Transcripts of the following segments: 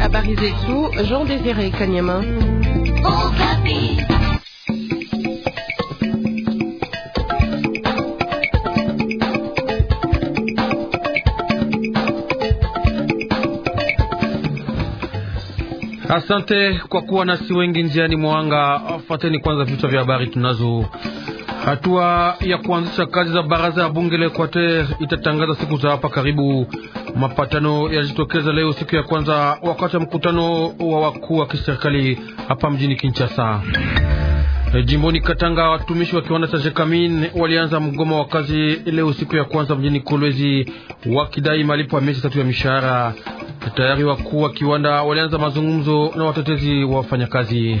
Habari zetu Jean Désiré Kanyama. Asante kwa kuwa nasi wengi njiani mwanga. Fateni kwanza vichwa vya habari tunazo Hatua ya kuanzisha kazi za baraza ya bunge la Equateur itatangaza siku za hapa karibu. Mapatano yalijitokeza leo siku ya kwanza wakati wa mkutano wa wakuu wa kiserikali hapa mjini Kinshasa. Eh, jimboni Katanga, watumishi wa kiwanda cha Jekamin walianza mgomo wa kazi leo siku ya kwanza mjini Kolwezi, wakidai malipo ya miezi tatu ya mishahara. Tayari wakuu wa kiwanda walianza mazungumzo na watetezi wa wafanyakazi.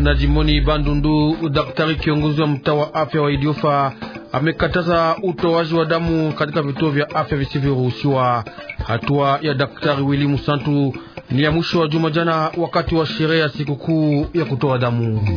Na jimboni Bandundu, daktari kiongozi wa mtaa wa afya wa Idiofa amekataza utoaji wa damu katika vituo vya afya visivyoruhusiwa. Hatua ya daktari Willy Musantu ni ya mwisho wa juma jana, wakati wa sherehe ya sikukuu ya kutoa damu.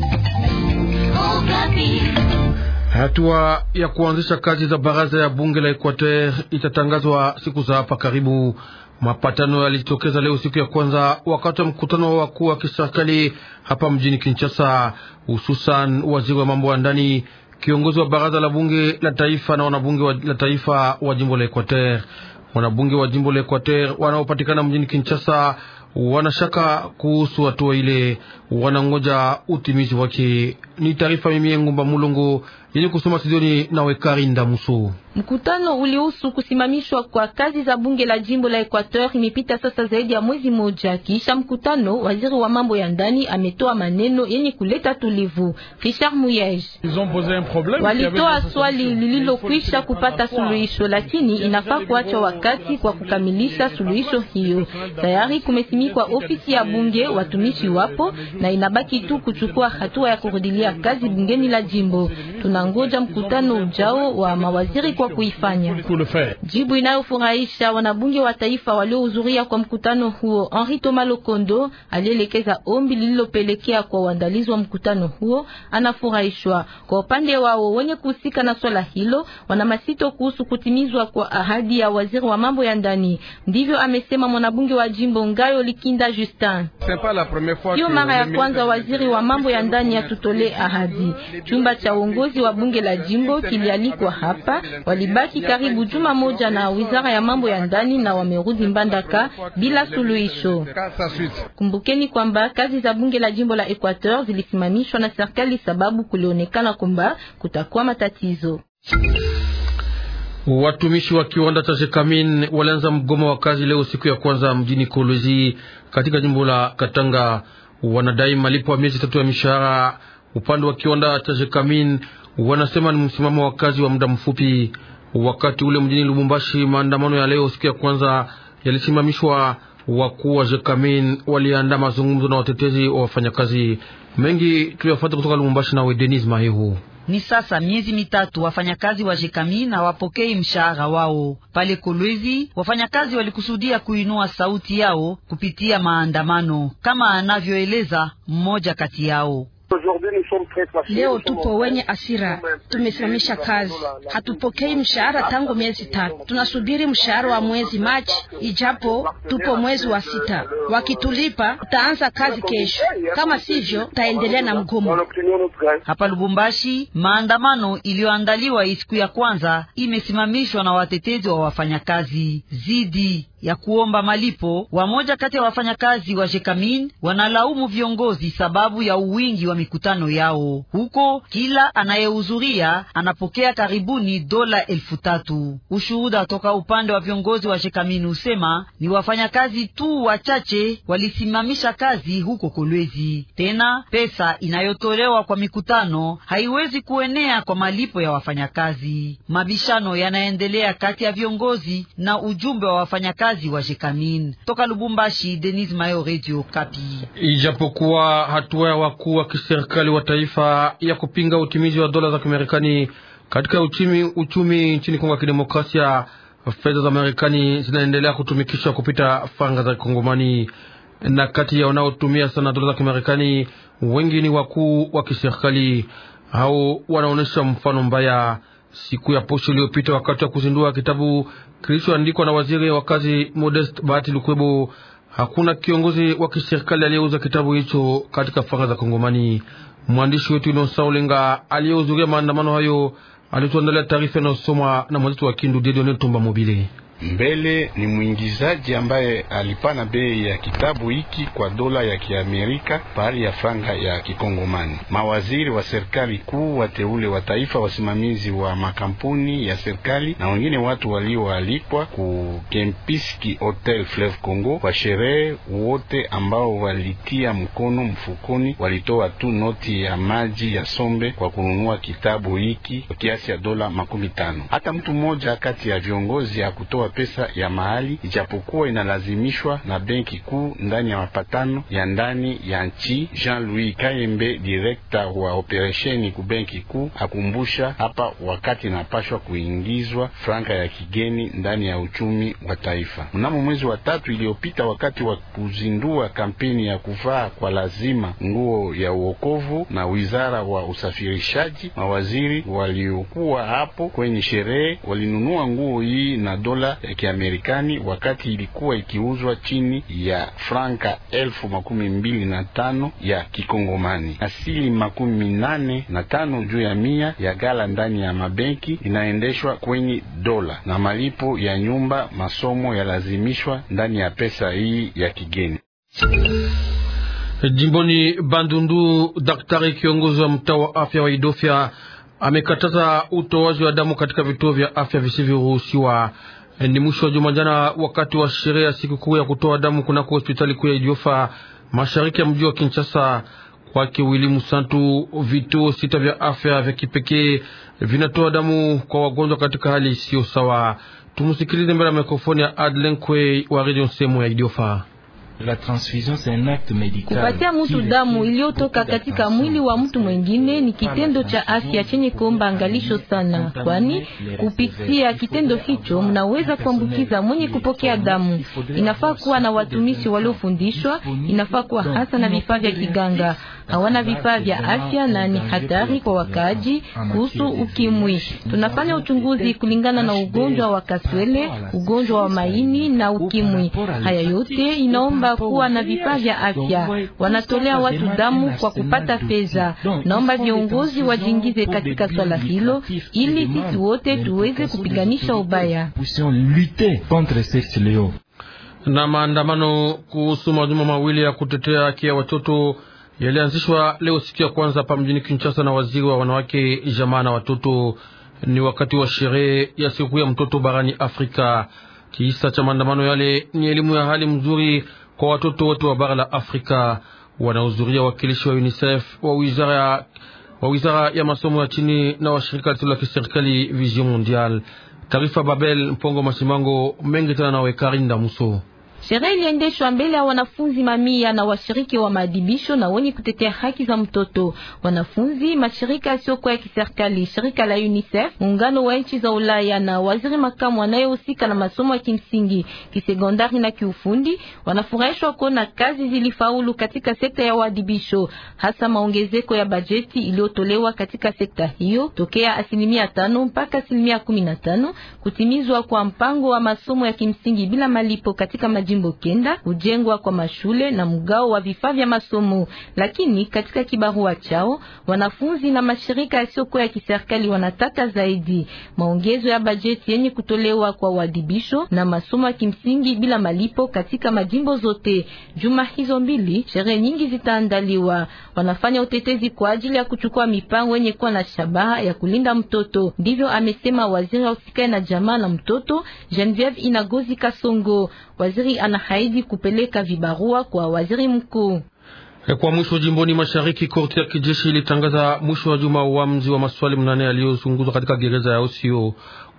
Hatua ya kuanzisha kazi za baraza ya bunge la Equateur itatangazwa siku za hapa karibu. Mapatano yalitokeza leo siku ya kwanza wakati wa mkutano wa wakuu wa kiserikali hapa mjini Kinshasa, hususan waziri wa mambo ya ndani, kiongozi wa baraza la bunge la taifa na wanabunge wa, la taifa wa jimbo la Equateur. Wanabunge wa jimbo la Equateur wanaopatikana mjini Kinshasa wanashaka kuhusu hatua ile, wanangoja utimizi wake. Ni taarifa mimi Ngumba Mulungu yenye kusoma studioni nawe Karinda Muso. Mkutano ulihusu kusimamishwa kwa kazi za bunge la jimbo la Equateur imepita sasa zaidi ya mwezi mmoja. Kisha mkutano, waziri wa mambo ya ndani ametoa maneno yenye kuleta tulivu. Richard Muyej walitoa swali lililokwisha kupata suluhisho, lakini inafaa kuacha wakati kwa kukamilisha suluhisho hiyo. Tayari kumesimikwa ofisi ya bunge, watumishi wapo na inabaki tu kuchukua hatua ya kurudilia kazi bungeni la jimbo Tuna tunangoja mkutano ujao wa mawaziri kwa kuifanya. Jibu inayofurahisha wanabunge wa taifa waliohudhuria kwa mkutano huo. Henri Thomas Lokondo alielekeza ombi lililopelekea kwa uandalizi wa mkutano huo, anafurahishwa. Kwa upande wao wenye kuhusika na swala hilo wana masito kuhusu kutimizwa kwa ahadi ya waziri wa mambo ya ndani. Ndivyo amesema mwanabunge wa jimbo Ngayo Likinda Justin. Sio mara ya kwanza waziri wa mambo ya ndani atutolee ahadi. Chumba cha uongozi wa wa bunge la jimbo kilialikwa hapa. Walibaki karibu juma moja na wizara ya mambo ya ndani na wamerudi Mbandaka bila suluhisho. Kumbukeni kwamba kazi za bunge la jimbo la Equateur zilisimamishwa na serikali sababu kulionekana kwamba kutakuwa matatizo. Watumishi wa kiwanda cha Shekamin walianza mgomo wa kazi leo siku ya kwanza mjini Kolwezi katika jimbo la Katanga. Wanadai malipo ya miezi tatu ya mishahara. Upande wa kiwanda cha Shekamin wanasema ni msimamo wa kazi wa muda mfupi. Wakati ule mjini Lubumbashi, maandamano ya leo siku ya kwanza yalisimamishwa. Wakuu wa Jekamin waliandaa mazungumzo na watetezi wa wafanyakazi. Mengi tuliyofuata kutoka Lubumbashi na Denis Mahihu. Ni sasa miezi mitatu wafanyakazi wa na hawapokei mshahara wao. Pale Kolwezi, wafanyakazi walikusudia kuinua sauti yao kupitia maandamano, kama anavyoeleza mmoja kati yao. Leo tupo wenye asira, tumesimamisha kazi, hatupokei mshahara tangu miezi tatu. Tunasubiri mshahara wa mwezi Machi, ijapo tupo mwezi wa sita. Wakitulipa tutaanza kazi kesho, kama sivyo tutaendelea na mgomo. Hapa Lubumbashi, maandamano iliyoandaliwa siku ya kwanza imesimamishwa na watetezi wa wafanyakazi zidi ya kuomba malipo. Wamoja kati ya wafanyakazi wa Jekamin wanalaumu viongozi sababu ya uwingi wa mikutano yao huko. Kila anayehudhuria anapokea karibuni dola elfu tatu. Ushuhuda toka upande wa viongozi wa Jekamin husema ni wafanyakazi tu wachache walisimamisha kazi huko Kolwezi. Tena pesa inayotolewa kwa mikutano haiwezi kuenea kwa malipo ya wafanyakazi. Mabishano yanaendelea kati ya viongozi na ujumbe wa wafanyakazi wakazi wa Jekamin toka Lubumbashi. Denis Mayo, Radio Kapi. Ijapokuwa hatua ya wakuu wa kiserikali wa taifa ya kupinga utimizi wa dola za Kimarekani katika uchumi, uchumi nchini Kongo ya Kidemokrasia, fedha za Marekani zinaendelea kutumikishwa kupita faranga za Kongomani, na kati ya wanaotumia sana dola za Kimarekani wengi ni wakuu wa kiserikali. Hao wanaonyesha mfano mbaya. Siku ya posho iliyopita, wakati wa kuzindua kitabu kilichoandikwa na waziri wa kazi Modest Bahati Lukwebo. Hakuna kiongozi wa kiserikali aliyeuza kitabu hicho katika faranga za Kongomani. Mwandishi wetu Inosa Olenga aliyehudhuria maandamano hayo alituandalia taarifa inayosomwa na mwenzetu wa Kindu Dedone Tumba Mobile mbele ni mwingizaji ambaye alipana bei ya kitabu hiki kwa dola ya Kiamerika pahali ya franga ya Kikongomani. Mawaziri wa serikali kuu, wateule wa taifa, wasimamizi wa makampuni ya serikali na wengine watu walioalikwa ku Kempiski Hotel Fleuve Congo kwa sherehe, wote ambao walitia mkono mfukoni walitoa tu noti ya maji ya sombe kwa kununua kitabu hiki kwa kiasi ya dola makumi tano. Hata mtu mmoja kati ya viongozi hakutoa pesa ya mahali, ijapokuwa inalazimishwa na benki kuu ndani ya mapatano ya ndani ya nchi. Jean-Louis Kayembe, direkta wa operesheni ku benki kuu, akumbusha hapa wakati inapashwa kuingizwa franka ya kigeni ndani ya uchumi wa taifa. Mnamo mwezi wa tatu iliyopita, wakati wa kuzindua kampeni ya kuvaa kwa lazima nguo ya uokovu na wizara wa usafirishaji, mawaziri waliokuwa hapo kwenye sherehe walinunua nguo hii na dola ya Kiamerikani wakati ilikuwa ikiuzwa chini ya franka elfu makumi mbili na tano ya Kikongomani. Asili makumi nane na tano juu ya mia ya gala ndani ya mabenki inaendeshwa kwenye dola, na malipo ya nyumba, masomo yalazimishwa ndani ya pesa hii ya kigeni. Jimboni Bandundu, daktari kiongozi wa mtaa wa afya wa Idofya amekataza utoaji wa damu katika vituo vya afya visivyoruhusiwa. Ni mwisho wa juma jana, wakati wa sherehe ya sikukuu ya kutoa damu kunako hospitali kuu ya Idiofa mashariki ya mji wa Kinshasa. Kwake Wilimu Santu, vituo sita vya afya vya kipekee vinatoa damu kwa wagonjwa katika hali isiyo sawa. Tumusikilize mbele ya mikrofoni ya Adlenkwe wa redio sehemu ya Idiofa. La transfusion c'est un acte médical. Kupatia mtu damu iliyotoka katika mwili wa mtu mwingine ni kitendo cha afya chenye kuomba angalisho sana, kwani kupitia kitendo hicho mnaweza kuambukiza mwenye kupokea damu. Inafaa kuwa na watumishi waliofundishwa, inafaa kuwa hasa na vifaa vya kiganga hawana vifaa vya afya na ni hatari kwa wakaaji. Kuhusu ukimwi, tunafanya uchunguzi kulingana na ugonjwa wa kaswele, ugonjwa wa maini na ukimwi. Haya yote inaomba kuwa na vifaa vya afya, wanatolea watu damu kwa kupata fedha. Naomba viongozi wajiingize katika swala hilo, ili sisi wote tuweze kupiganisha ubaya na maandamano kuhusu majuma mawili ya kutetea haki ya watoto yalianzishwa leo siku ya kwanza hapa mjini Kinshasa na waziri wa wanawake, jamaa na watoto. Ni wakati wa sherehe ya siku ya mtoto barani Afrika. Kisa cha maandamano yale ni elimu ya hali mzuri kwa watoto wote wa bara la Afrika. Wanahudhuria wakilishi wa UNICEF wa wizara wa wizara ya masomo ya chini na washirika lisilo la kiserikali Vision Mondial. Taarifa Babel Mpongo Masimango mengi tena nawe Karinda Muso. Sherehe iliendeshwa mbele ya wanafunzi mamia na washiriki wa maadhibisho na wenye kutetea haki za mtoto. Wanafunzi, mashirika yasiyokuwa ya kiserikali, shirika la UNICEF, muungano wa nchi za Ulaya na waziri makamu anayehusika na masomo ya kimsingi, kisekondari na kiufundi wanafurahishwa kuona kazi zilifaulu katika sekta ya maadibisho, hasa maongezeko ya bajeti iliyotolewa katika sekta hiyo tokea asilimia tano mpaka asilimia kumi na tano kutimizwa kwa mpango wa masomo ya kimsingi bila malipo katika maji jimbo kenda, kujengwa kwa mashule na mgao wa vifaa vya masomo. Lakini katika kibarua chao wanafunzi na mashirika yasiyokuwa ya kiserikali wanataka zaidi maongezo ya bajeti yenye kutolewa kwa uadhibisho na masomo ya kimsingi bila malipo katika majimbo zote. Juma hizo mbili sherehe nyingi zitaandaliwa. Wanafanya utetezi kwa ajili ya kuchukua mipango yenye kuwa na shabaha ya kulinda mtoto, ndivyo amesema waziri wa usikae na jamaa na mtoto Genevieve Inagozi Kasongo. Waziri anahaidi kupeleka vibarua kwa waziri mkuu. E, kwa mwisho jimboni mashariki, korti ya kijeshi ilitangaza mwisho wa juma uamuzi wa maswali mnane yaliyozunguzwa katika gereza ya Osio.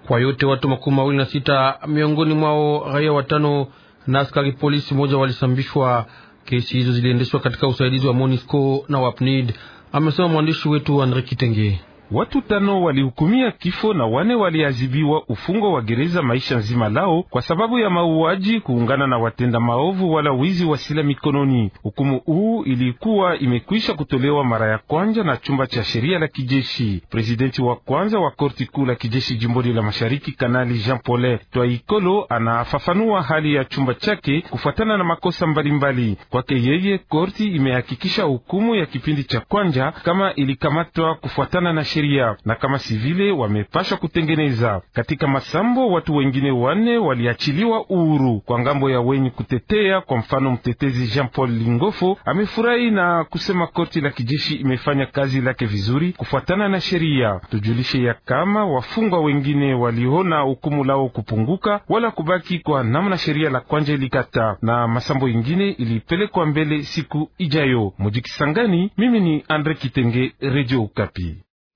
Kwa yote watu makumi mawili na sita, miongoni mwao raia watano na askari polisi moja walisambishwa. Kesi hizo ziliendeshwa katika usaidizi wa Monisco na Wapnid, amesema mwandishi wetu Andre Kitenge. Watu tano walihukumia kifo na wane waliazibiwa ufungo wa gereza maisha nzima lao kwa sababu ya mauaji, kuungana na watenda maovu wala wizi wa sila mikononi. Hukumu huu ilikuwa imekwisha kutolewa mara ya kwanza na chumba cha sheria la kijeshi. Presidenti wa kwanza wa korti kuu la kijeshi jimboni la mashariki, Kanali Jean Paul Twaikolo, anafafanua hali ya chumba chake kufuatana na makosa mbalimbali. Kwake yeye, korti imehakikisha hukumu ya kipindi cha kwanza kama ilikamatwa kufuatana na sheria sheria na kama sivile wamepashwa kutengeneza. Katika masambo watu wengine wane waliachiliwa uhuru kwa ngambo ya wenye kutetea. Kwa mfano, mtetezi Jean Paul Lingofo amefurahi na kusema korti la kijeshi imefanya kazi lake vizuri kufuatana na sheria. Tujulishe ya kama wafungwa wengine waliona hukumu lao kupunguka wala kubaki kwa namna sheria la kwanja ilikata, na masambo ingine ilipelekwa mbele siku ijayo. Mujikisangani, mimi ni Andre Kitenge, Radio Okapi.